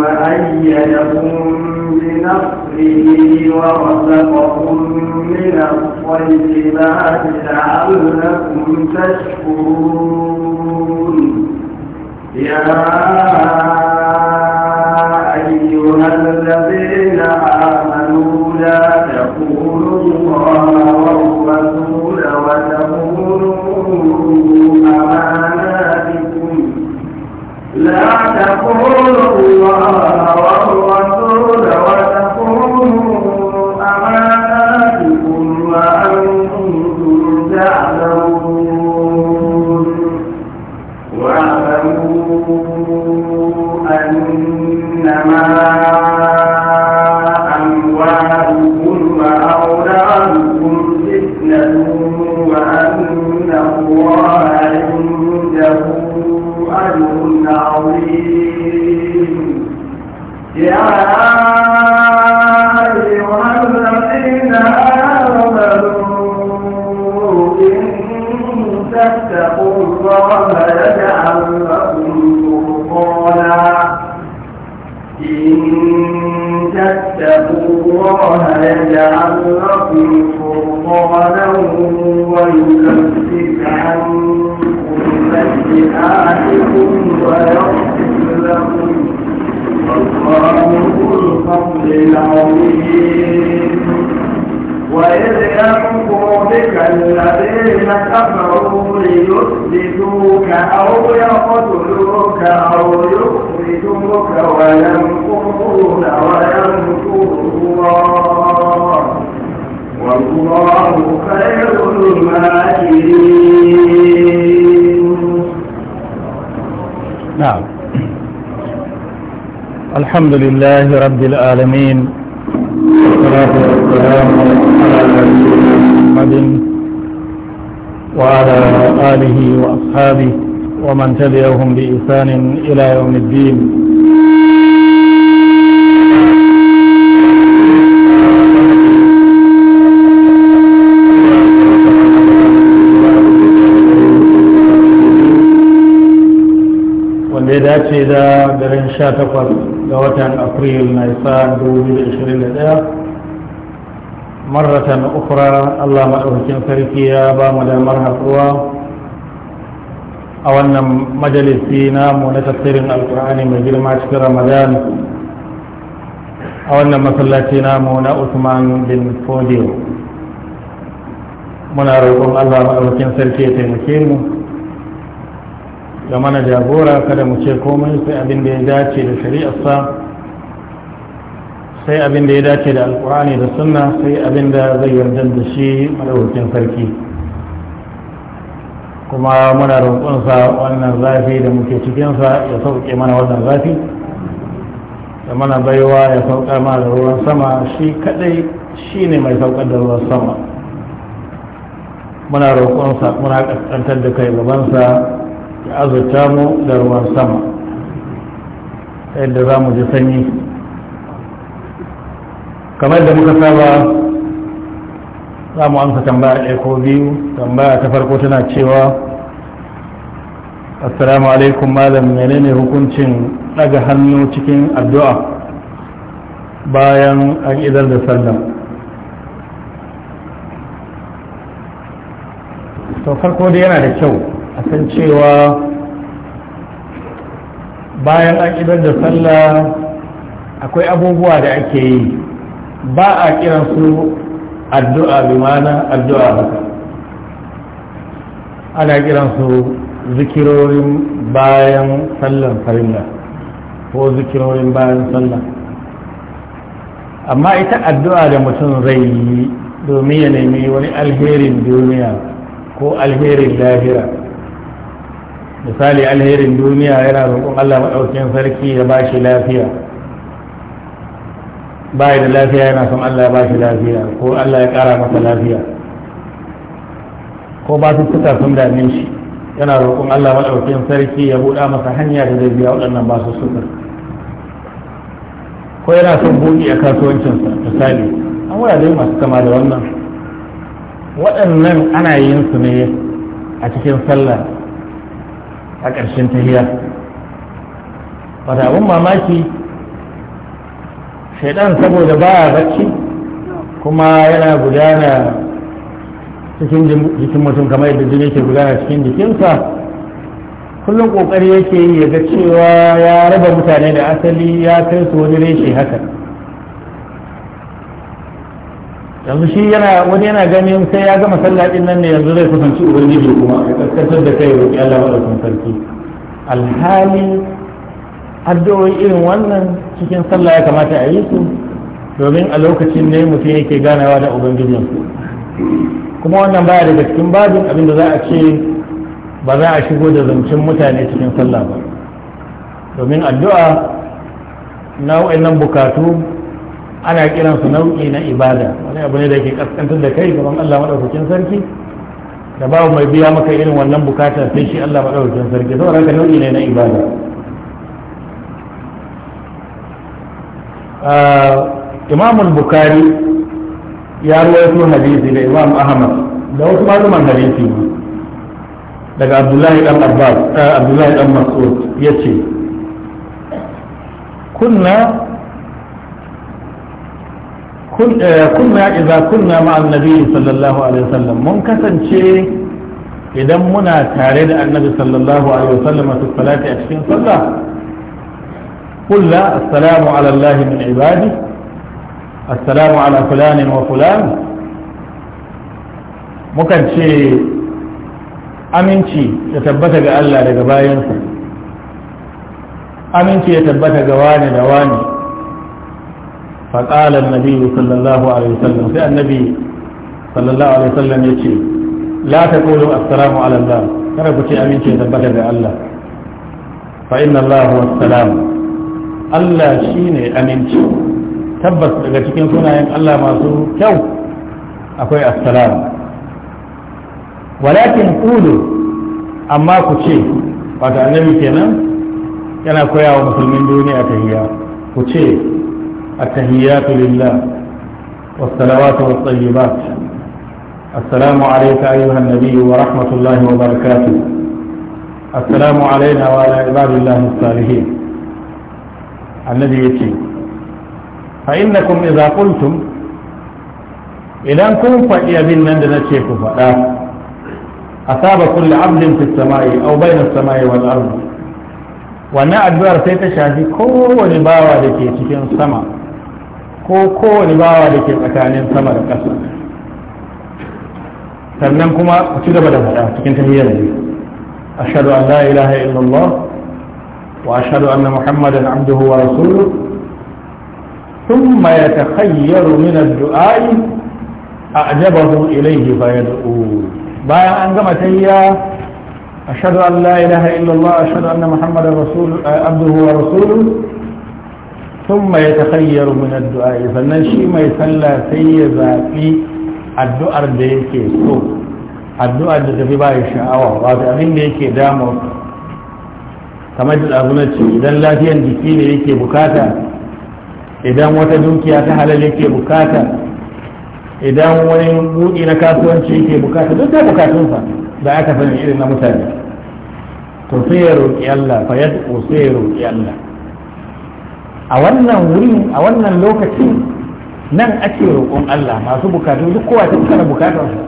وأيدكم بنصره ورزقكم من الطيبات لعلكم تشكرون يا الحمد لله رب العالمين والصلاة والسلام على نبينا محمد وعلى آله وأصحابه ومن تبعهم بإحسان إلى يوم الدين wanda ya dace da garin sha takwas ga watan april na isa 2021 maratan ukura allah maɗaukacin sarki ya ba mu damar haɗuwa a wannan majalisi namu na tafsirin alkur'ani mai girma cikin ramadan a wannan masallaci namu na usman bin fodiyo muna roƙon allah maɗaukakin sarki ya taimake mu Ga mana jagora kada mu ce komai sai abin da ya dace da shari'arsa sai abin da ya dace da alkur'ani da sunna sai abin da zai yarda da shi madaukakin sarki kuma muna roƙonsa wannan zafi da muke cikinsa ya sauke mana wannan zafi da mana baiwa ya sauka mana da ruwan sama shi kadai shi ne mai saukar da ruwan sama muna roƙonsa muna ƙasƙantar da kai gabansa ya azurta mu da ruwan sama yadda za mu ji sanyi kamar da muka saba za mu amsa tambaya ɗaya ko biyu tambaya ta farko tana cewa assalamu alaikum malam menene hukuncin ɗaga hannu cikin addu'a bayan an idar da sallam to farko dai yana da kyau a kan cewa bayan an idar da sallah akwai abubuwa da ake yi ba a su addu'a limana addu'a haka ana su zikirorin bayan sallan farilla ko zikirorin bayan sallah amma ita addu'a da mutum zai yi domin ya nemi wani alherin duniya ko alherin lahira misali alherin duniya yana roƙon Allah maɗaukin sarki ya ba shi lafiya ba da lafiya yana son Allah ya ba shi lafiya ko Allah ya ƙara masa lafiya ko ba su suka sun dame shi yana roƙon Allah maɗaukin sarki ya buɗa masa hanya da zai biya waɗannan ba su suka ko yana son buɗi a kasuwancinsa misali an wurare masu kama da wannan waɗannan ana yin su ne a cikin sallah a ƙarshen tahiyar wata abin mamaki shaidan saboda ba a bacci kuma yana gudana cikin jikin mutum kamar yadda jini yake gudana cikin jikinsa kullum ƙoƙari yake yi ya ga cewa ya raba mutane da asali ya kai su wani reshe haka yanzu shi yana wani yana ganin sai ya gama sallah din nan ne yanzu zai kusanci ubangiji kuma ya kaskantar da kai roƙi Allah madaukakin sarki alhali addu'o'i irin wannan cikin sallah ya kamata a yi su domin a lokacin ne mutum yake ganawa da ubangijin kuma wannan baya daga cikin babin abin da za a ce ba za a shigo da zancen mutane cikin sallah ba domin addu'a na wa'annan bukatu ana kiransu nau'i na ibada wani abu ne da ke kaskantar da kai kamar Allah madaukakin sarki da babu mai biya maka irin wannan bukata sai shi Allah madaukakin sarki saboda haka nau'i ne na ibada ah, imam bukari ya rawaito hadisi da imam ahmad da wasu malaman hadisi daga abdullahi dan abbas ah, abdullahi dan mas'ud yace kunna kunna idza kunna ma'a annabi sallallahu alaihi wasallam mun kasance idan muna tare da annabi sallallahu alaihi wasallam a salati a cikin sallah kulla assalamu ala allah min ibadi assalamu ala fulanin wa fulan mukan ce aminci ya tabbata ga Allah daga bayansa aminci ya tabbata ga wani da wani فقال النبي صلى الله عليه وسلم في النبي صلى الله عليه وسلم يتي لا تقولوا السلام على الله kada ku ce aminci da baka da Allah fa inna wa salam Allah shine aminci tabbas daga cikin sunayen Allah masu kyau akwai assalam walakin Kulu, amma ku ce wato annabi kenan yana koyawa musulmin duniya tahiyya ku ce التهيات لله والصلوات والطيبات السلام عليك أيها النبي ورحمة الله وبركاته السلام علينا وعلى عباد الله الصالحين الذي يتي فإنكم إذا قلتم إذا كن فإيا دنا لنشيك فلا أصاب كل عبد في السماء أو بين السماء والأرض وأنا أدبر سيتشاهد كل باوة لكي تكون السماء ko kowane bawa da ke tsakanin sama da ƙasa sannan kuma ku ci gaba da faɗa cikin tahiyyar ne ashhadu an la ilaha illallah wa ashhadu anna muhammadan abduhu wa rasuluhu ثم يتخير من الدعاء أعجبه إليه فيدعو bayan an gama tayya ashhadu an la ilaha illallah ashhadu anna muhammadan rasul eh, abduhu wa rasuluhu ثم يتخير من الدعاء sannan shi mai sallah sai ya zaɓi addu'ar da yake so addu'ar da tafi bayan sha'awa wato abin da yake damu kamar da abu na ce idan lafiyar jiki ne yake bukata idan wata dukiya ta halal yake bukata idan wani buɗi na kasuwanci yake bukata duk ta bukatunsa da aka sani irin na mutane to sai ya roƙi Allah fa yad'u sai ya roƙi Allah a wannan wuri a wannan lokaci nan ake roƙon Allah masu bukatu duk kowa ta tsara bukatar su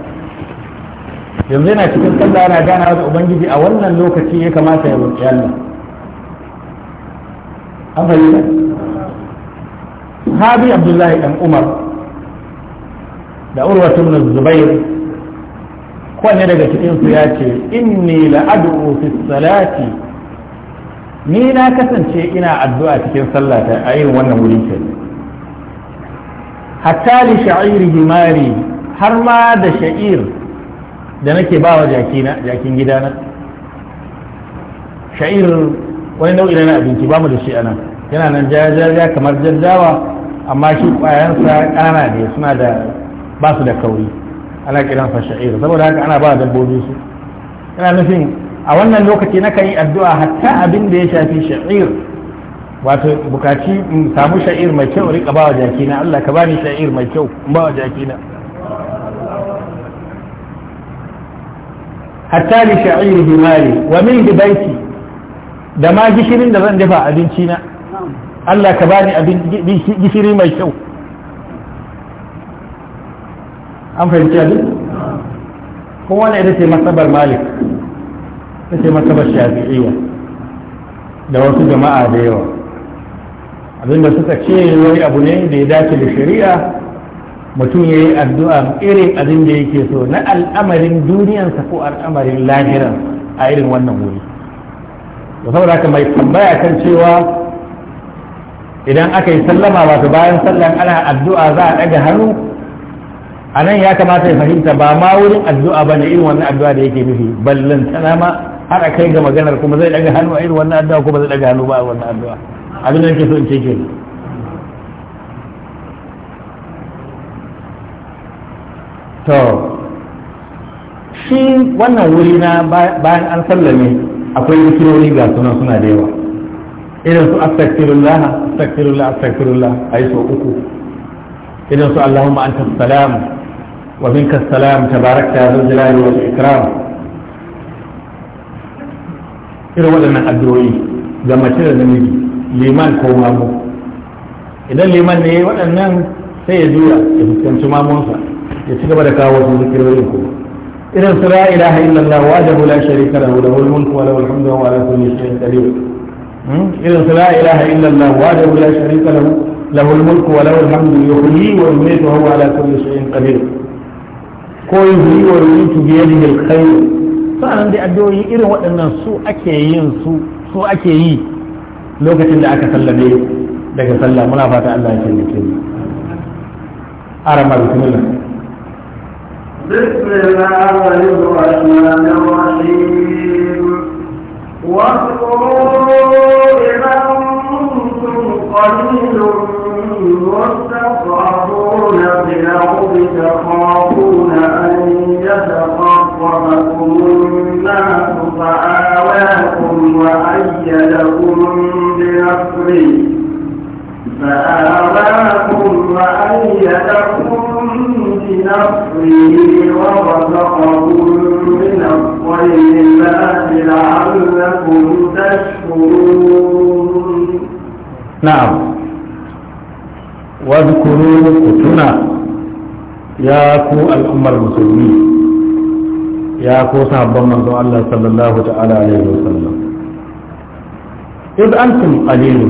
yanzu yana cikin sallah yana gana da ubangiji a wannan lokaci ya kamata ya roƙi Allah an fahimta sahabi Abdullahi dan Umar da Urwatu ibn Zubair kowanne daga cikin su ya ce inni la'adu fi salati ni na kasance ina addu'a cikin sallata a irin wannan wuri ke hatta li sha'iri himari har ma da sha'ir da nake ba wa jakin gidana sha'ir wani nau'i na abinci ba mu da shi nan. yana nan jajaja kamar jajjawa amma shi kwayansa kana ne suna da ba su da kauri ana kiransa sha'ir saboda haka ana ba dabbobi su yana nufin a wannan lokaci na kan yi addu'a hatta abin da ya shafi sha'ir wato bukaci samu sha'ir mai kyau rika bawa jakina Allah ka bani sha'ir mai kyau bawa jakina hatta li sha'ir mali. wa min baiti da ma gishirin da zan dafa abinci na Allah ka bani abin gishiri mai kyau an fahimci abin kuma wannan ita ce masabar malik ta ce makabar shafi'iyya da wasu jama'a da yawa abinda suka ce wani abu ne da ya dace da shari'a mutum ya yi addu'a irin abin da yake so na al'amarin duniyansa ko al'amarin lahiran a irin wannan wuri da saboda haka mai tambaya kan cewa idan aka yi sallama wato bayan sallan ana addu'a za a ɗaga hannu a nan ya kamata ya fahimta ba ma wurin addu'a ba ne irin wannan addu'a da yake nufi ballantana ma har a kai ga maganar kuma zai daga hannu a irin wannan addu'a kuma zai daga hannu ba a wannan addu'a abin da nake so in ce ke to shi wannan wuri na bayan an sallame akwai zikirori ga sunan suna da yawa irin su astaghfirullah astaghfirullah astaghfirullah ayi so uku irin su allahumma anta salam wa minka salam tabarakta ya jalali wal ikram irin waɗannan addu'o'i ga mace da namiji liman ko mamu idan liman ne waɗannan sai ya juya ya fuskanci mamunsa ya ci gaba da kawo wasu zikirorin ko irin su la ilaha illallah wahdahu la sharika lahu lahul mulku wa lahul hamdu wa ala kulli shay'in qadir irin su la ilaha illallah wahdahu la sharika lahu lahul mulku wa lahul hamdu yuhyi wa yumiitu wa huwa ala kulli shay'in qadir ko yuhyi wa yumiitu bi yadihi al-khayr sa'an dai addu'o'i irin waɗannan su ake yin su su ake yi lokacin da aka sallame daga sallah muna fata Allah ya taimake mu arama bismillah بسم الله الرحمن الرحيم واذكروا بنصره ورزقهم من الطيبات لعلكم تشكرون نعم واذكروا كتنا يا كو الأمة المسلمين يا كو صحابة من الله صلى الله تعالى عليه وسلم إذ أنتم قليل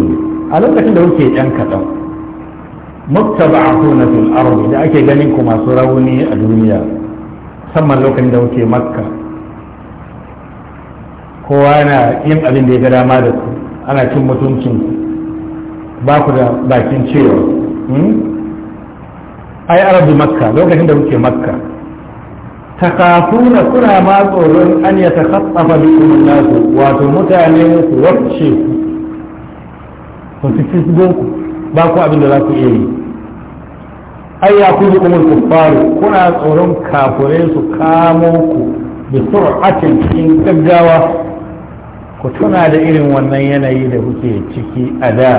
a lokacin da kuke yan kaɗan muttaba'atuna fil ardi da ake ganin ku masu rauni a duniya musamman lokacin da wuce makka kowa na yin abin da ya ga dama da ku ana cin mutuncin ku ba ku da bakin cewa hmm? ai arabu makka lokacin da wuce makka takafuna kuna ma tsoron an ya takaffafa bikin nasu wato mutane su wacce ku su ci ku ba ku abin da za ku iya yi ai ya ku kuma kuna tsoron kafure su kamo ku da sur'atin cikin gaggawa ku tuna da irin wannan yanayi da kuke ciki a da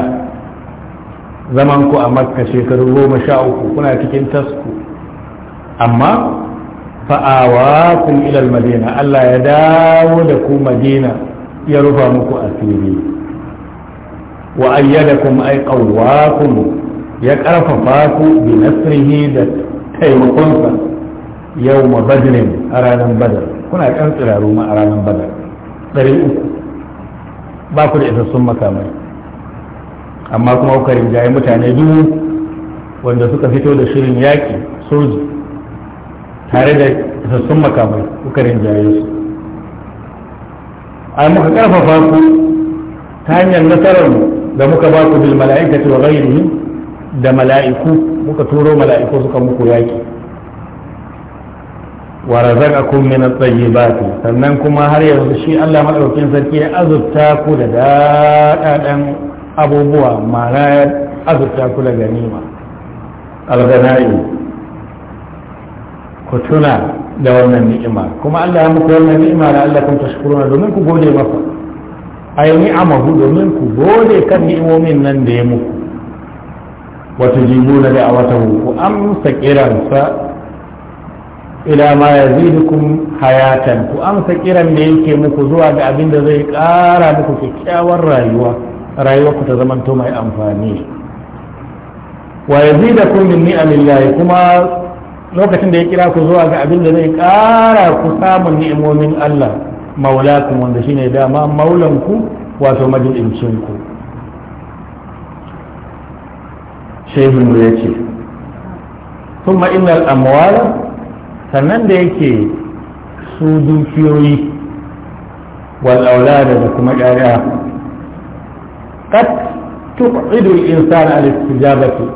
zaman ku a makka shekaru goma sha uku kuna cikin tasku amma fa'awa kun ilal madina allah ya dawo da ku madina ya rufa muku asiri wa ayyadakum ay qawwakum ya karfafa ku bi nasrihi da taimakonsa yau ma a ranar badar kuna kan tsiraru ma a ranar badar ɗari uku ba ku da isassun makamai amma kuma kuka rinjaye mutane dubu wanda suka fito da shirin yaƙi soji tare da isassun makamai kuka rinjaye su ai mu ka karfafa ku ta hanyar nasarar mu da muka ba ku bil mala'ikati wa ghayrihim da mala'iku muka turo mala'iku suka muku yaki wa razaqakum min at-tayyibati sannan kuma har yanzu shi Allah madaukakin sarki ya azurta ku da dadan abubuwa ma'ana azurta ku da ganima al-ghana'im ku tuna da wannan ni'ima kuma Allah ya muku wannan ni'ima da Allah kun tashkuruna domin ku gode masa a yi ni'amahu domin ku gode kan ni'imomin nan da ya muku wata jibu na da a wata ku amsa kiransa ila ma ya zidukum hayatan ku amsa kiran da yake muku zuwa ga abin da zai kara muku kyakkyawar rayuwa rayuwa ku ta zamanto mai amfani wa yazidakum min ni'amillahi kuma lokacin da ya kira ku zuwa ga abin da zai kara ku samun ni'imomin Allah maulakum wanda shine dama maulanku wato majidincinku shehin ya ce kuma innal amwala sannan da yake su dukiyoyi wal aulada da kuma ƴaƴa qad ido al-insana al-istijabati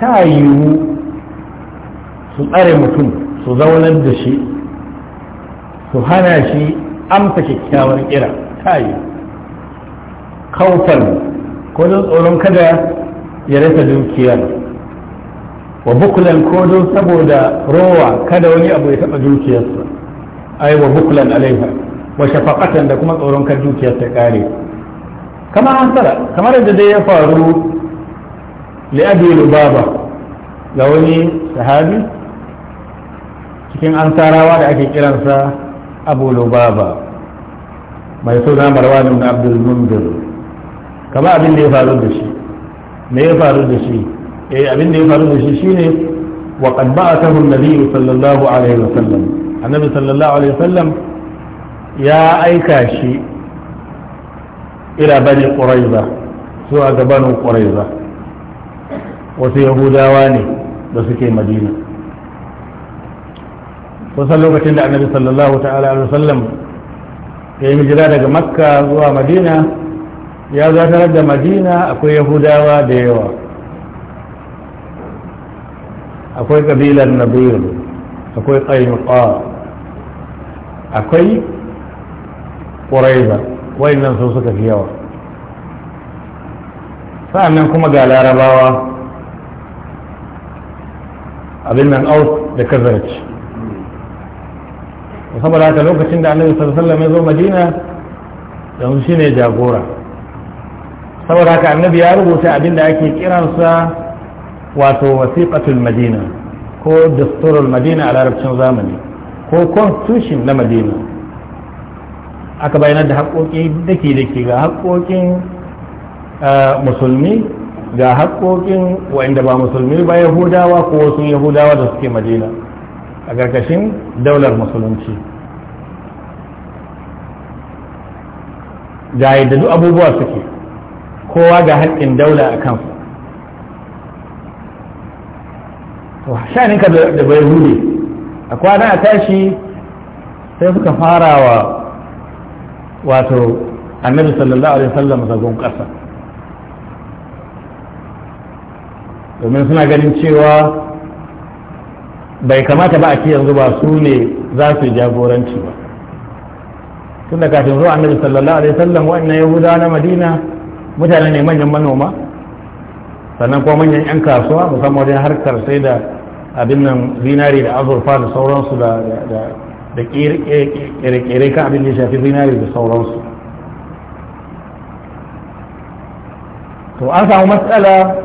ta yiwu su tsare mutum su zaunar da shi su hana shi amsa kyakkyawar kira kai kaufan ko don tsoron kada ya rasa dukiyar wa bukulan ko don saboda rowa kada wani abu ya taɓa dukiyarsa ai wa bukulan alaiha wa shafaqatan da kuma tsoron kan dukiyar ta kare kamar hasara kamar da dai ya faru li abi lubaba ga wani sahabi cikin ansarawa da ake kiransa abu lubaba mai suna marwan na abdul munzir kama abin da ya faru da shi me ya faru da shi eh abin da ya faru da shi shine wa qad ba'athahu an-nabi sallallahu alaihi wa wasallam annabi sallallahu alaihi wa sallam ya aika shi ila bani quraiza zuwa ga bani quraiza wasu yahudawa ne da suke madina kusan lokacin da annabi sallallahu ta'ala alaihi wasallam ya yi hijira daga makka zuwa madina ya zartar da madina akwai yahudawa da yawa akwai kabilar nabir akwai ƙayyuka akwai ƙuraiza wayannan su suka fi yawa sa'annan kuma ga larabawa abin nan aus da kazarci saboda haka lokacin da annabi sallallahu alaihi ya zo madina yanzu shine jagora saboda haka annabi ya rubuta abin da ake kiransa wato wasiqatul madina ko dasturul madina a larabcin zamani ko constitution na madina aka bayyana da haƙoƙi dake dake ga haƙoƙin uh, musulmi ga haƙoƙin wa'inda ba musulmi ba yahudawa ko wasu yahudawa da suke madina a ƙarƙashin daular musulunci ga yadda duk abubuwa suke kowa ga haƙƙin daula a kansu to shaninka da bai hude a kwana a tashi sai suka fara wa wato annabi sallallahu alaihi wasallam zagon ƙasa domin suna ganin cewa bai kamata ba a ce yanzu ba su ne za su jagoranci ba tun da kafin zuwa annabi sallallahu alaihi wasallam wannan yahuda na madina mutane ne manyan manoma sannan kuma manyan 'yan kasuwa musamman wajen harkar sai da abin nan zinari da azurfa da sauransu da da kere-kere kan abin da shafi zinari da sauransu to an samu matsala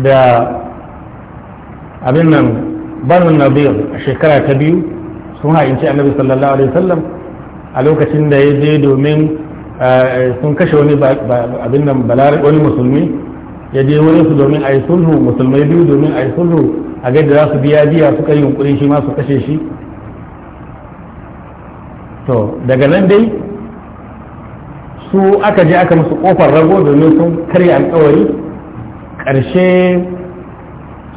da abin nan banu nabiyu a shekara ta biyu sun ha'inci annabi sallallahu alaihi wasallam a lokacin da ya je domin eh, sun kashe wani abin nan balar wani musulmi ya je wurin su domin a yi sulhu musulmai biyu domin a yi sulhu a ga za su biya biya suka yi yunkurin shi ma su kashe shi to daga nan dai su aka je aka musu kofar rago domin sun karya alkawari ƙarshe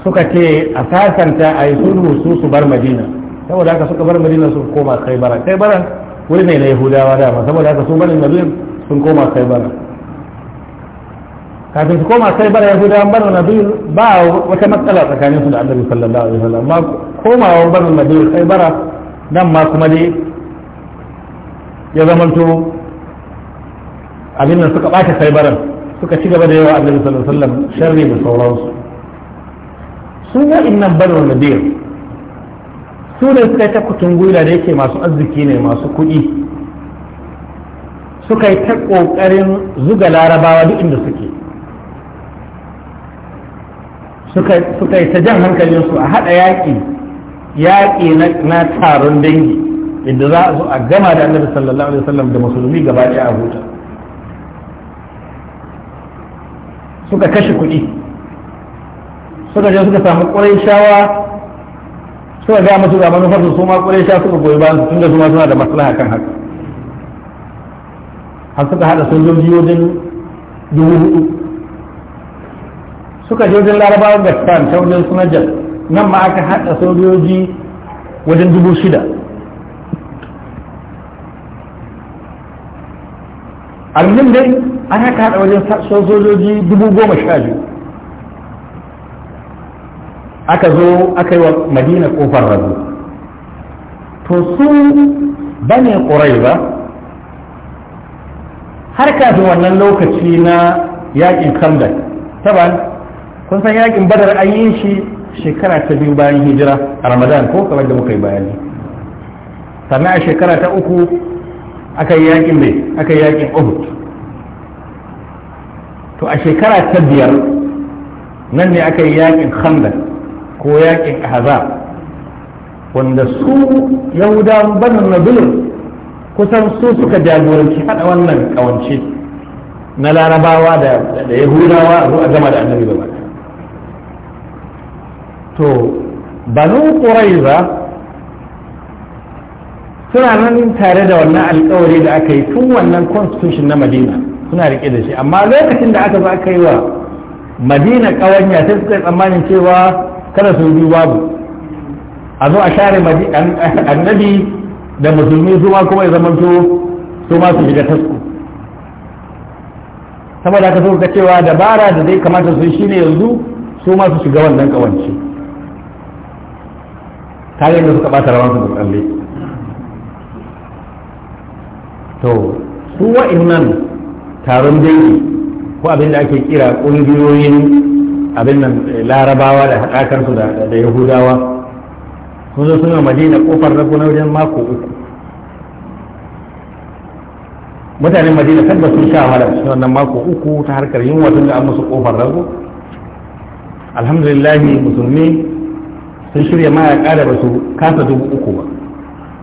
suka ce a sasanta a yi sulhu su su bar madina saboda haka suka bar madina sun koma khaibara khaibara wuri ne na yahudawa dama saboda haka sun bari madina sun koma khaibara kafin su koma khaibara yahudawa bar madina ba wata matsala tsakanin su da annabi sallallahu alaihi wasallam ba komawa bar madina khaibara nan ma kuma dai ya zamanto abin nan suka ɓata khaibaran suka ci gaba da yawa annabi sallallahu alaihi wasallam sharri da sauransu su wa'innan wani biyu su ne suka yi ta kutun gwila da yake masu arziki ne masu kuɗi suka yi ta ƙoƙarin zuga larabawa duk inda suke suka yi ta jan hankalinsu a haɗa yaƙi yaƙi na taron dangi inda za a zo a gama da annabi sallallahu alaihi wasallam da musulmi gaba ɗaya a huta suka kashe kuɗi suka je suka samu ƙuraishawa suka ga musu ga manufar su su ma ƙurai suka goyi ba su tunda su ma suna da maslaha kan haka har suka haɗa sojoji wajen dubu hudu suka je wajen ga stan ta wajen su najar nan ma aka haɗa sojoji wajen dubu shida a almin dai an haka haɗa wajen sojoji dubu goma sha biyu aka zo aka yi wa madina kofar rabu to su bane ƙurai ba har kafin wannan lokaci na yaƙin kamda taban kun san yaƙin badar an yi shi shekara ta biyu bayan hijira a ramadan ko kamar da muka yi bayani sannan a shekara ta uku aka yi yaƙin mai aka yi yaƙin uhud to a shekara ta biyar nan ne aka yi yaƙin khandak ko yakin ahzab wanda su yahudawan banin nabilun kusan su suka jagoranci hada wannan kawance na larabawa da yahudawa a zuwa da annabi ba to banu ƙuraiza suna nan tare da wannan alkawari da aka yi tun wannan constitution na madina suna rike da shi amma lokacin da aka zo aka yi wa madina ƙawanya sai suka tsammanin cewa kada su yi babu a zo a share annabi da musulmi su ma kuma ya zamanto su ma su shiga tasku saboda haka suka cewa dabara da zai kamata su shi ne yanzu su ma su shiga wannan kawance ta yadda suka bata rawan su da tsalle to su wa'in nan taron dangi ko abin da ake kira ƙungiyoyin abin nan eh, larabawa da haɗakarsu da yahudawa sun zo suna madina kofar rago na wajen mako uku mutanen madina tabbas sun sha wahala su wannan mako uku ta harkar yunwa tun da an musu kofar rago alhamdulillahi musulmi sun shirya mayaka da ba su kasa dubu uku ba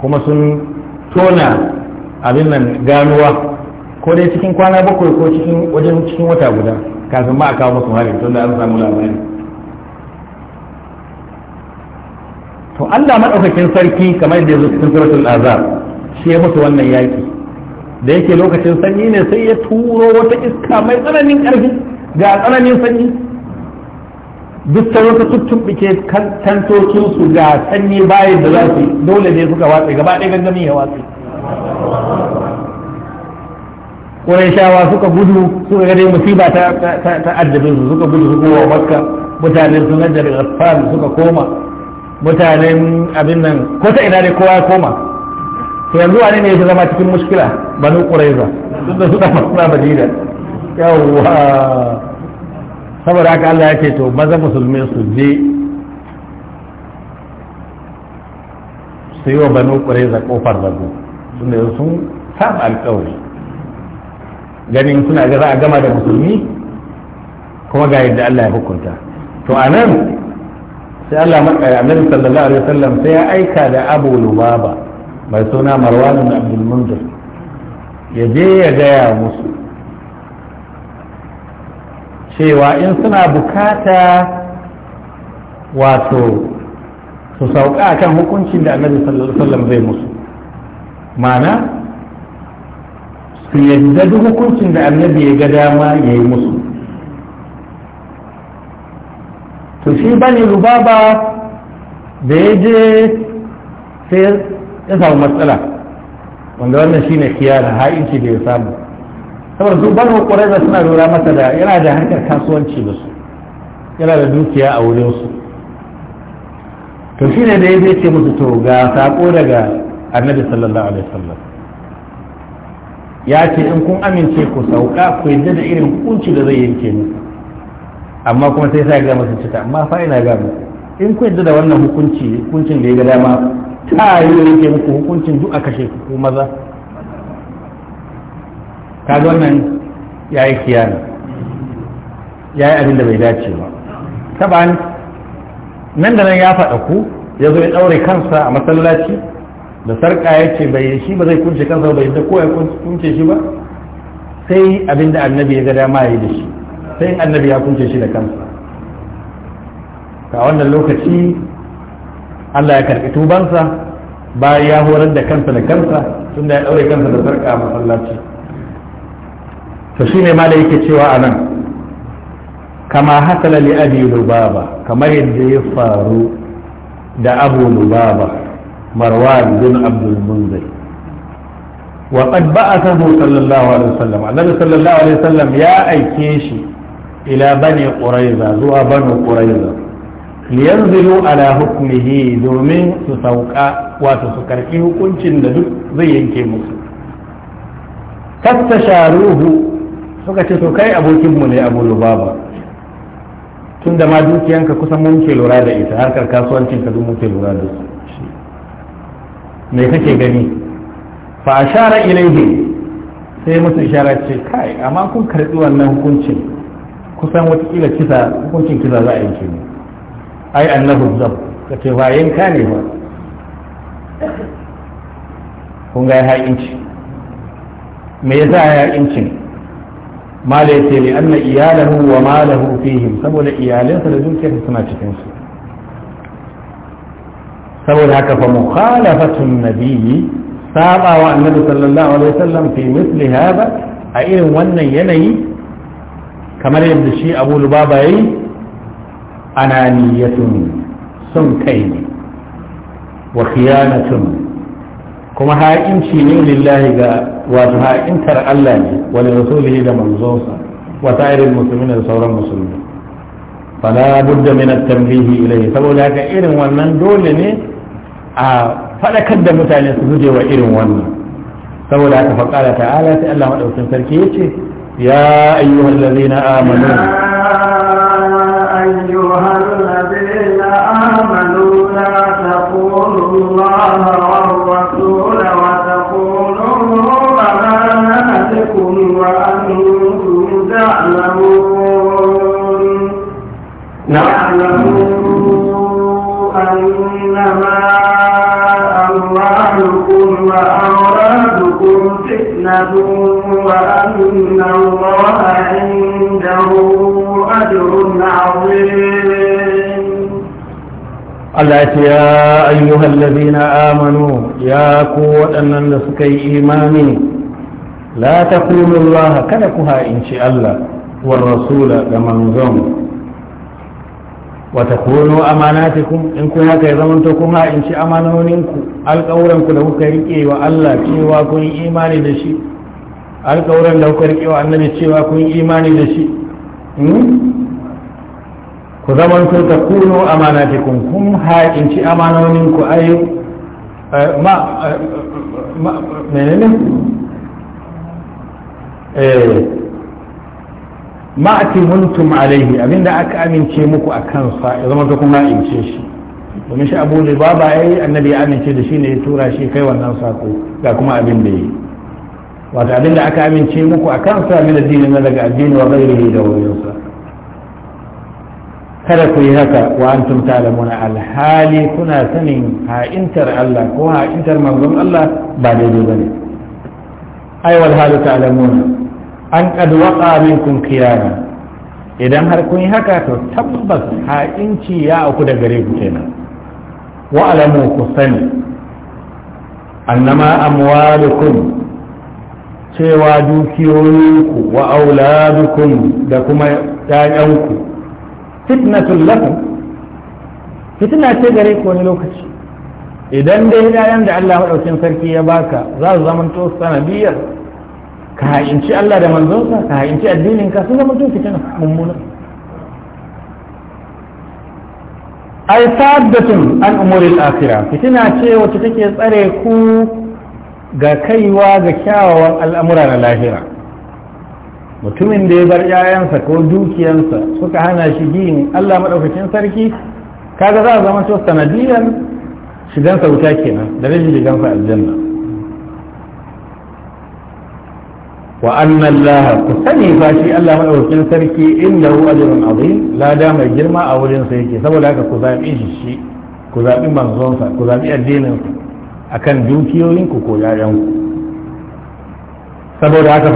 kuma sun tona abin nan ganuwa ko dai cikin kwana bakwai ko cikin wajen cikin wata guda kafin ma a kawo masu hari tun da an samu labari to Allah maɗaukakin sarki kamar da ya zo cikin suratul azab shi ya musu wannan yaki da yake lokacin sanyi ne sai ya turo wata iska mai tsananin ƙarfi ga tsananin sanyi duk ta wata tuttuɓike su ga sanyi bayan da za su dole ne suka watsa gaba ɗaya gangamin ya watsa shawa suka gudu suka ga musiba ta ta su suka gudu suka wa makka mutane su najar al suka koma mutanen abin nan ko ta ina dai kowa ya koma to yanzu wani ne ya zama cikin mushkila banu quraiza duk da su da fasna madina yawwa saboda haka Allah ya ce to maza musulmi su je su yi wa banu quraiza kofar rago sun samu alƙawari ganin suna ga za a gama da musulmi kuma ga yadda Allah ya hukunta to a nan sai Allah matsaya eh, annabi sallallahu alaihi wasallam sai ya aika da Abu Lubaba mai suna Marwan bin Abdul Munzir ya je ya gaya musu cewa in suna bukata wato su sauka akan hukuncin da annabi sallallahu alaihi wasallam zai musu ma'ana su yadda duk hukuncin da annabi ya ga dama ya yi musu to shi bane rubaba da ya je sai ya samu matsala wanda wannan shine kiyara ha'inci da ya samu saboda su ne kwarai da suna lura masa da yana da harkar kasuwanci da su yana da dukiya a wurinsu to shi da ya ce musu to ga saƙo daga annabi sallallahu alaihi wasallam ya ce in kun amince ku sauka ku yadda da irin kunci da zai yanke muku amma kuma sai sa ga masu cita amma fa ina ga muku in ku yadda da wannan hukunci hukuncin da ya ga dama ta yi yanke muku hukuncin duk a kashe ku ko maza kaga wannan ya yi kiyana ya yi abin da bai dace ba ba nan da nan ya faɗa ku ya zo ya ɗaure kansa a masallaci da sarka ya ce bai shi ba zai kunce kansa bai da ko ya kunce shi ba sai abinda annabi ya ga dama ya yi da shi sai annabi ya kunce shi da kansa ka wannan lokaci Allah ya karɓi tubansa bayan ya horar da kansa da kansa tun da ya ɗaure kansa da sarka a masallaci to ne ma da yake cewa a nan kama hasala li abi lubaba kamar yadda ya faru da abu lubaba marwan bin abdul munzir wa qad ba'athahu sallallahu alaihi wasallam annabi sallallahu alaihi wasallam ya aike shi ila bani quraiza zuwa bani quraiza liyanzilu ala hukmihi domin su sauka wato su karɓi hukuncin da duk zai yanke musu tattasharuhu suka ce to kai abokinmu ne a lubaba Tunda da ma dukiyanka kusan mun lura da ita harkar kasuwancinka duk muke lura da su mai kake gani fa ashara ilaihi sai musu ishara ce kai amma kun karbi wannan hukuncin kusan kila kisa hukuncin kisa za a yanke ne ai annahu zab ka ce ba yanka ne ba kun ga ya inci me yasa ya incin mala yace li anna iyalahu wa malahu fihim saboda iyalansa da dukiyarsa suna cikin su saboda haka fa mukhalafatun nabiyyi saba wa annabi sallallahu alaihi wasallam fi misli hada a irin wannan yanayi kamar yadda shi abu lubaba yayi ananiyatun sun kai ne wa khiyanatun kuma ha'inci ne lillahi ga wato ha'intar Allah ne wa li rasulihi da manzonsa wa sa'irin musulmin da sauran musulmi fala budda min at-tanbihi ilayhi saboda haka irin wannan dole ne a faɗakar da mutane su guje wa irin wannan saboda haka faƙala ala sai Allah maɗaukin sarki ya ce ya ayyuhal ladzina amanu ayyuhal ladzina amanu la taqulu أموالكم na فتنة وأن الله عنده أجر عظيم Allah ce ya ayyuhal ladhi na amanu ya ku waɗannan da suka yi imani la ta kuma kada ku ha'inci Allah wa rasula da manzon wata kono amanatikum in kun haka ya zama to kun ha in ci amanoninku alƙawuranku da kuka riƙe wa Allah cewa kun imani da shi alƙawuran da kuka riƙe wa annabi cewa kun imani da shi hmm? ku zaman to ta kono amanatikum kun ha in ci amanoninku ai eh, eh, ma menene eh ma atimuntum alaihi abinda aka amince muku a kansa ya zama ta kuma amince shi domin shi abu ne ba baba yayi annabi ya amince da shi ne ya tura shi kai wannan sako ga kuma abin da yi Wata abin da aka amince muku a kansa min addini na daga addini wa ghairihi da wurinsa kada ku yi haka wa antum ta'lamuna alhali kuna sanin ha'intar Allah ko ha'intar manzon Allah ba daidai bane ai wal halu ta'lamuna an kad waqa minkum khiyana idan har kun yi haka to tabbas ha'inci ya auku da gare ku kenan wa alamu ku sani annama amwalukum cewa dukiyoyinku wa auladukum da kuma ƴaƴanku fitnatul lakum fitna ce gare ku wani lokaci idan dai ƴaƴan da Allah madaukin sarki ya baka za su zama to sanadiyar ka ha'inci Allah da manzonsa ka ha'inci addinin ka sun zama tun fitina mummuna ai sadatun an umuri akhira fitina ce wacce take tsare ku ga kaiwa ga kyawawan al'amura na lahira mutumin da ya bar 'ya'yansa ko dukiyansa suka hana shi gini Allah maɗaukacin sarki kaga za a zama to sanadiyar shigansa wuta kenan da rashin shigansa aljanna wa anna Allah ku sani fa shi Allah madaukakin sarki inda innahu ajrun azim lada mai girma a wurin sa yake saboda haka ku zabi shi ku zaɓi manzonsa ku zaɓi addinin sa kan dukiyoyin ku ko yayan ku saboda haka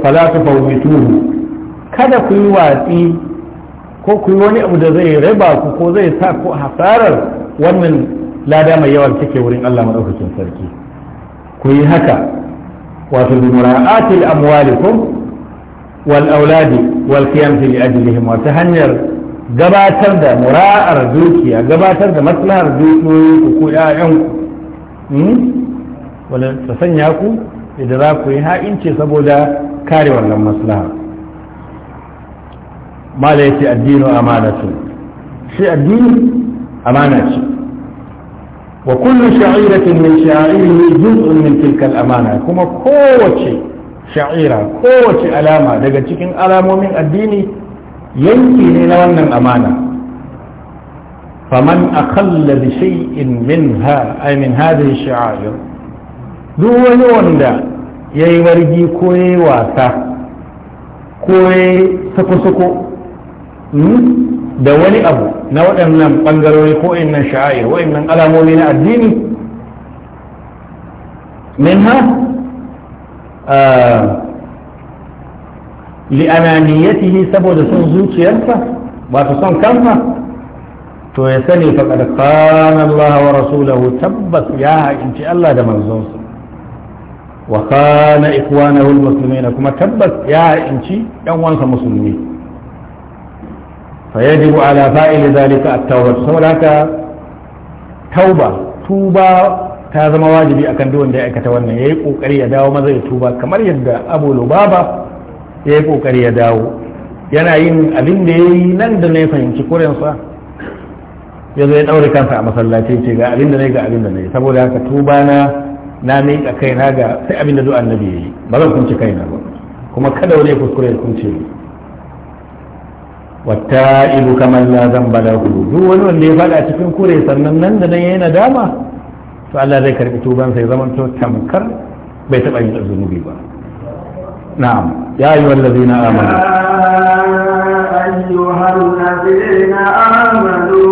fala tu fawituhu kada ku yi watsi ko ku yi wani abu da zai raba ku ko zai sa ku hasarar wannan lada mai yawan take wurin Allah madaukakin sarki ku yi haka wato bi mura'atil amwalikum wal auladi wal qiyam li ajlihim ta hanyar gabatar da mura'ar dukiya gabatar da maslahar dukiyoyi ku ƴaƴan ku wala ta sanya ku idan za ku yi ha'ince saboda kare wannan maslaha mala yace addinu amanatu shi addini amana ce وكل شعيرة من شعائره جزء من تلك الأمانة كما قوة شعيرة قوة ألامة لقد تكن ألام من الدين ينكي لون الأمانة فمن أقل بشيء منها أي من هذه الشعائر دون وندا يورجي كوي واسا كوي سكو سكو da wani abu na waɗannan ɓangarori ko innan sha'air wa'innan alamomi na addini min ha li'ananiyatihi saboda son zuciyarsa ba ta son kansa to ya sani faƙad kana Allah wa rasulahu tabbas ya haƙinci Allah da manzonsa wa kana ikwanahul muslimina kuma tabbas ya haƙinci ɗan musulmi فيجب على فاعل ذلك التوبة سولك توبة توبة ta zama wajibi akan duk wanda ya aikata wannan yayi kokari ya dawo maza ya tuba kamar yadda Abu Lubaba yayi kokari ya dawo yana yin abin da yayi nan da ne fahimci kurensa ya zo ya daure kansa a masallaci ce ga abin da ne ga abin ne saboda haka tuba na na miƙa kaina ga sai abinda da duk annabi yayi ba zan kunci kaina ba kuma kada wani kuskure ya kunce ni والتائب كمن لا ذنب له دون واللي فلا تكون كوري سنن نندن ينا داما فألا ذكر اتوبا في زمن تمكر بيتم أي الذنوب نعم يا أيها الذين آمنوا يا أيها الذين آمنوا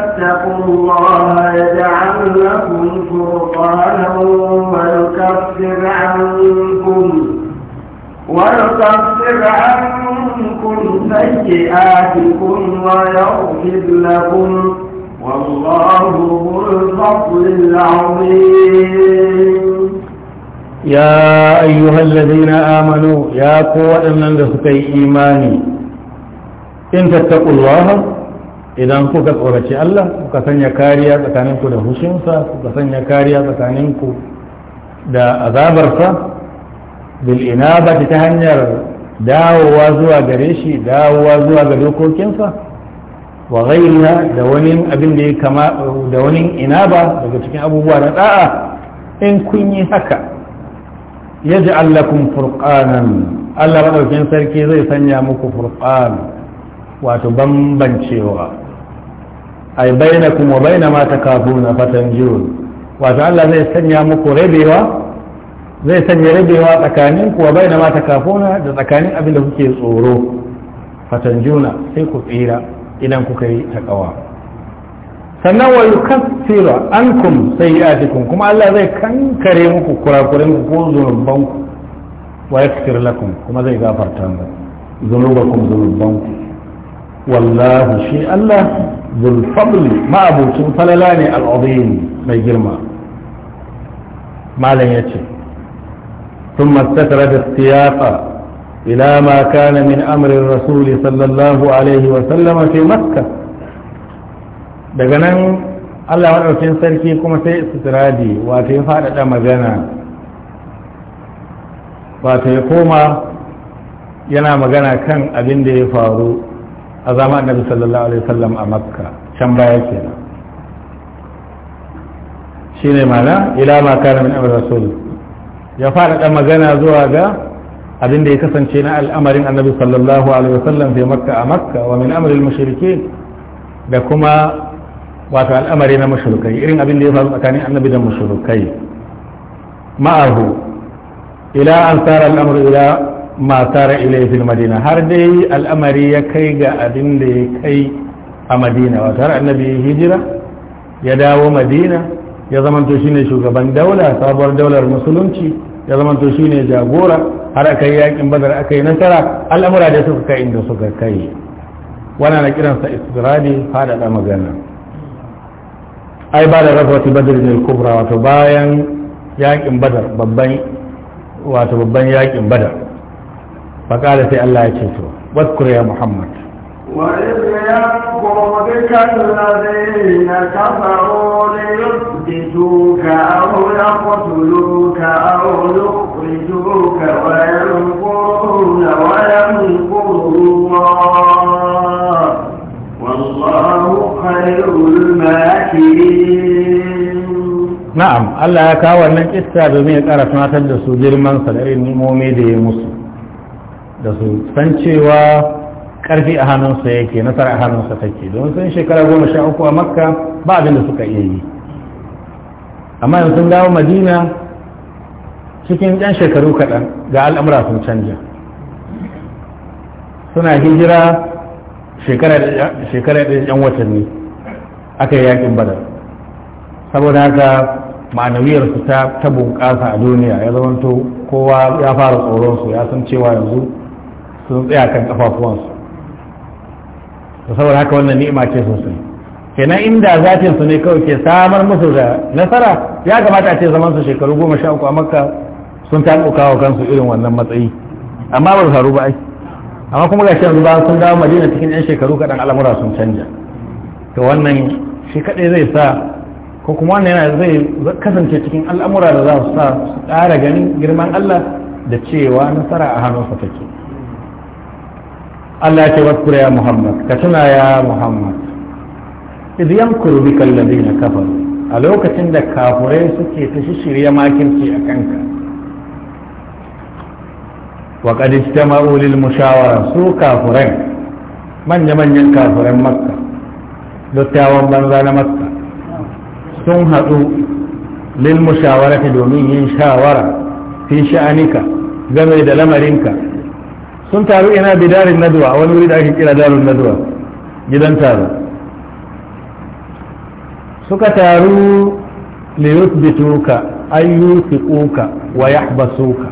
اتقوا الله يجعل لكم فرقانا ويكفر عنكم ويكفر عنكم سيئاتكم ويغفر لكم والله ذو الفضل العظيم يا أيها الذين آمنوا يا قوة من لسكي إيماني إن تتقوا الله إذا كنت أورك الله كسن يكاريا تكاننكو لهشنسا كسن يكاريا تكاننكو da azabarsa bil inaba ta dawowa zuwa gare shi dawowa zuwa ga dokokinsa wa ghairiha da wani abin da ya kama da wani inaba daga cikin abubuwa na da'a in kun yi haka yaj'al allakun furqanan Allah maɗaukin sarki zai sanya muku furqan wato bambancewa ai ta kafu na fatan fatanjun wato Allah zai sanya muku rabewa zai sanya rabewa tsakanin kuwa bai na mata kafona da tsakanin abin da kuke tsoro fatan juna sai ku tsira idan kuka yi takawa sannan wa yukaffira ankum sayyi'atikum kuma Allah zai kankare muku kurakuren ku ko zunuban ku wa yaghfir lakum kuma zai gafarta muku zunubakum zunuban ku wallahi shi Allah zul ma ma'abucin falala ne al'azim mai girma malam yace ثم استكرد السياق إلى ما كان من أمر الرسول صلى الله عليه وسلم في مكة دقنا Allah maɗaukin sarki kuma sai sitiradi wato ya faɗaɗa magana wato ya koma yana magana kan abinda ya faru a zama annabi sallallahu alaihi wasallam a makka can baya kenan shine mana ila min ya faɗaɗa magana zuwa ga abin da ya kasance na al'amarin annabi sallallahu alaihi wasallam fi makka a makka wa min amril mushrikin da kuma wato al'amari na mushrikai irin abin da ya faru tsakanin annabi da mushrikai ma'ahu ila an tsara al'amru ila ma tsara ilai fil madina har dai al'amari ya kai ga abin da ya kai a madina wato har annabi ya hijira ya dawo madina ya zamanto shine shugaban daula sabuwar daular musulunci ya zama to shi ne jagora har aka yi yakin badar aka yi nasara al'amura da suka kai inda suka kai wannan na kiransa istirali da magana ai ba da rafati badar ne kubra wato bayan yakin badar babban wato babban yakin badar faƙala sai Allah ya ce to wadkur ya Muhammad وإذ يمكر بك الذين كفروا ليثبتوك أو يقتلوك أو يخرجوك وينكرون وينكر الله والله خير الماكرين na'am Allah ya kawo wannan kissa domin ya ƙara tunatar da su girman sa da irin nimomi da ya musu da su san cewa karfi a hannunsa yake nasara a hannunsa take domin sun shekara goma sha uku a makka ba abin da suka iya yi amma yanzu sun dawo madina cikin 'yan shekaru kaɗan ga al'amura sun canja suna hijira shekara ɗaya yan watanni aka yi yakin badar saboda haka ma'anawiyarsu ta ta bunƙasa a duniya ya zamanto kowa ya fara tsoron su, ya san cewa yanzu sun tsaya kan ƙafafuwansu to saboda haka wannan ni'ima ce sosai kenan inda zatin su ne kawai ke samar musu da nasara ya kamata a ce zaman su shekaru goma sha uku a makka sun ta kawo kansu irin wannan matsayi amma ba su faru ba ai amma kuma ga shan ba sun dawo madina cikin yan shekaru kaɗan al'amura sun canja to wannan shi kaɗai zai sa ko kuma wannan yana zai kasance cikin al'amura da za su sa su ƙara ganin girman Allah da cewa nasara a hannunsa take Allah ya ce wasu ya Muhammad ka tuna ya Muhammad idan yankuru bika alladhina kafaru a lokacin da kafurai suke ta shirye makirci a kanka wa qad ijtama'u lil mushawara su kafurai manya manyan kafuran makka dattawan banza na makka sun haɗu lil mushawarati domin yin shawara fi sha'anika game da lamarinka sun taru ina bidarin nadwa wani wuri da ake kira darun nadwa gidan taro suka taru liyusbituka ayyuki uka wa yahbasuka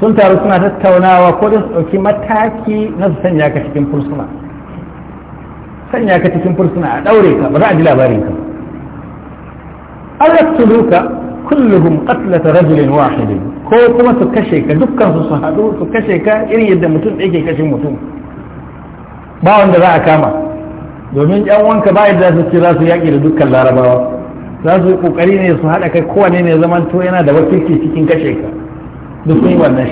sun taru suna tattaunawa ko da su ɗauki mataki na su sanya ka cikin fursuna sanya ka cikin fursuna a ɗaure ka ba za a ji labarin ka an rasuluka kulluhum qatlata rajulin wahidin ko kuma su kashe ka dukkan su haɗu su kashe ka irin yadda mutum ɗaya ke kashe mutum ba wanda za a kama domin yan wanka ba yadda su za su yaƙi da dukkan larabawa za su yi ƙoƙari ne su haɗa kai ne cikin kashe ka duk sun yi wannan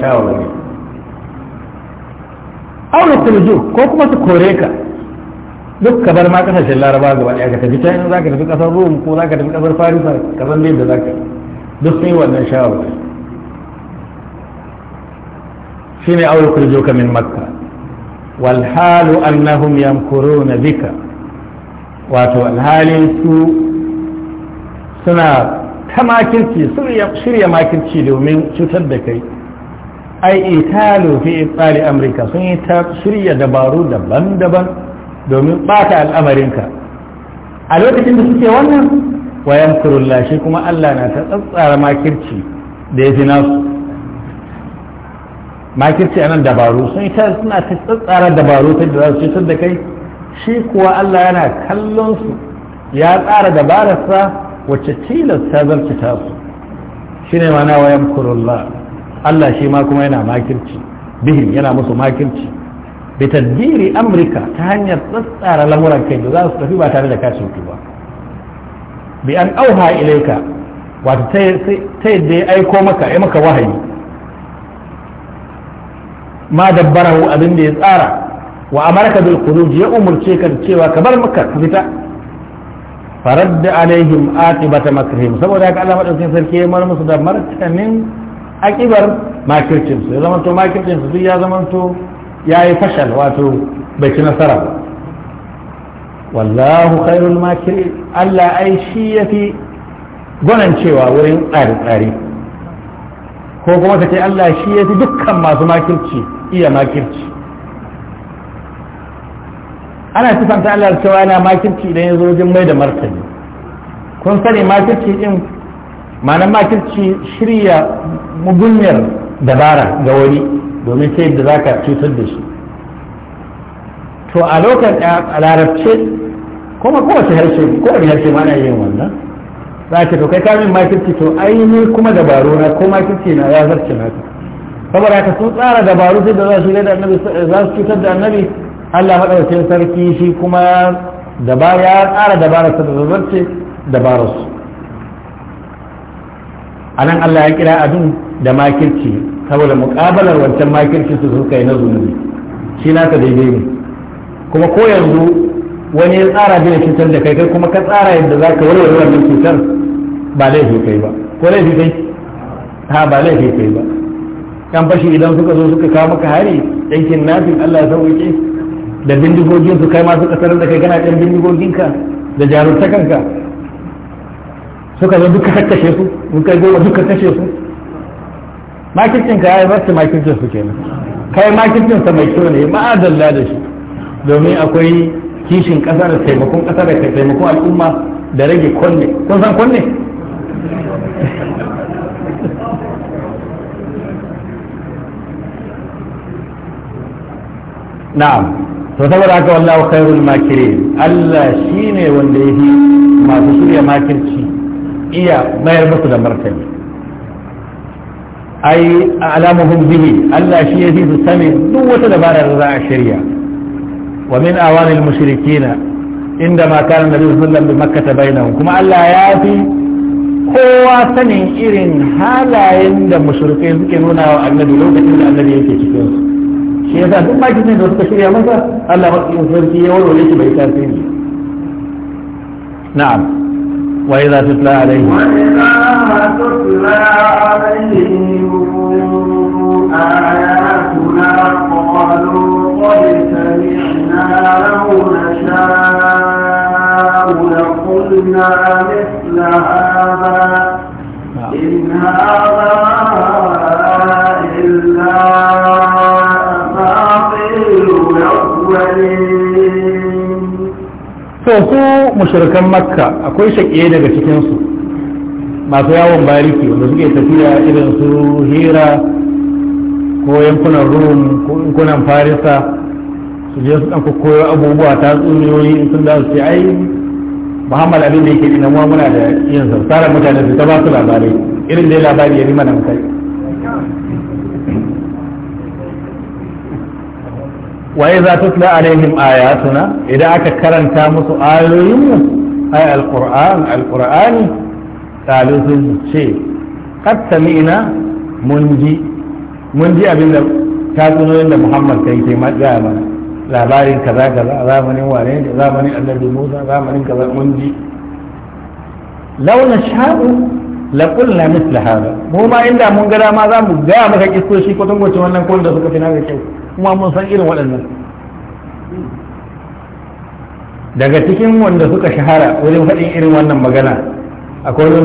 ko kuma su kore ka duk ka bar ma ƙasashen larabawa gaba ka tafi can za ka tafi ƙasar rum ko za ka tafi ƙasar farisa ka san da za ka duk yi wannan shawarar. shi ne auri kurjo min makka walhalu annahum na bika wato alhalin su suna ta makirci shirya makirci domin cutar da kai ai italo fi itsari amurka sun yi ta shirya dabaru daban-daban domin bata al'amarinka a lokacin da suke wannan wayan kurulla shi kuma Allah na ta tsatsara makirci da ya fi nasu makirci anan dabaru sun ta suna ta tsatsara dabaru ta da su cutar da kai shi kuwa Allah yana kallon su ya tsara dabararsa wacce tilasta zarkita su shine mana wa kurulla Allah shi ma kuma yana makirci bihin yana musu makirci bitaddiri tadbiri amrika ta hanyar tsatsara lamuran kai da za su tafi ba tare da ka ba bi an auha ilaika wato ta yadda ya aiko maka ya maka wahayi ma dabbarahu abin da ya tsara wa amarka bil khuruj ya umurce ka cewa ka bar maka ka fita faradda alaihim aqibata makrihim saboda haka Allah madaukakin sarki ya mar musu da martanin akibar makircin su ya zama to makircin su ya zama to yayi fashal wato bai ci nasara ba wallahu khairul makiri Allah ai shi yafi gwanan cewa wurin tsare-tsare ko kuma ka ce Allah shi ya fi dukkan masu makirci iya makirci ana sifanta Allah cewa yana makirci idan ya zo wajen mai da martani kun sani makirci din ma'anar makirci shirya mugunyar dabara ga wani domin ta yadda za ka cutar da shi to a lokacin a larabce kuma kowace harshe kowane harshe ma ana yin wannan za ka to kai ka min makirci to ainihi kuma dabaru na ko makirci na ya zarce naka saboda ka sun tsara dabaru sai da za su da annabi za su cutar da annabi Allah madaukakin sarki shi kuma dabara ya tsara dabara ta da zarce dabarar su anan Allah ya kira abin da makirci saboda muƙabalar wancan makirci su suka yi na zunubi shi naka daidai ne kuma ko yanzu wani ya tsara da cutar da kai kai kuma ka tsara yadda za ka warware wannan cutar ba laifi kai ba ko laifi kai ha ba laifi kai ba kan fashi idan suka zo suka kawo maka hari yankin nafin Allah ya sauke da bindigogin su kai ma suka sanar da kai kana ɗan bindigogin ka da jarumtakan kanka suka zo duka kashe su mun kai goma duka kashe su makircin ka ya yi masu makircin su kenan kai makircin sa mai kyau ne ma'adalla da shi domin akwai kishin ƙasa da taimakon ƙasa da taimakon al'umma da rage kwanne kun san kwanne na'am to saboda haka wallahu khairul makirin Allah shine wanda fi masu shirya makirci iya mayar musu da martani ai alamuhum bihi Allah shi fi su sami duk wata dabara da za a shirya ومن أوان المشركين عندما كان النبي صلى الله عليه وسلم بمكة بينهم كما ألا يأتي هو سنين إرن هالا عند مشركين سكنونا النبي لو تكون النبي يكي شكوه شيء ذا دم ما يجبني دوست شريع مكة ألا مكين فرقية وليس بيتاتين نعم وإذا تتلى عليهم وإذا تتلى عليهم آياتنا قالوا قد سمعنا لو نشاء لقلنا مثل هذا إن هذا إلا أساطير الأولين فهو مشركا مكة شيء daga cikinsu masu yawon bariki wanda suke tafiya irin su hira ko yankunan rum ko yankunan farisa su je su ɗauka koyo abubuwa ta tsuniyoyi in sun da ce ai muhammad abin da yake ina mu muna da yin sa tsara mutane su ta ba su labarai irin dai labari ya rima na mutane wa idza tutla alaihim ayatuna idan aka karanta musu ayoyin mu ay alquran alqurani qalu sun ce qad sami'na mun ji mun ji abin da tatsunoyin da muhammad kai ke gaya mana labarin kaza kaza zamanin wane ne zamanin annabi musa zamanin kaza mun ji launa sha'u la qulna mithla hada mu ma inda mun ga dama za mu ga maka kistoshi ko tangwace wannan ko da suka fi ga kyau kuma mun san irin waɗannan daga cikin wanda suka shahara wurin faɗin irin wannan magana akwai wanda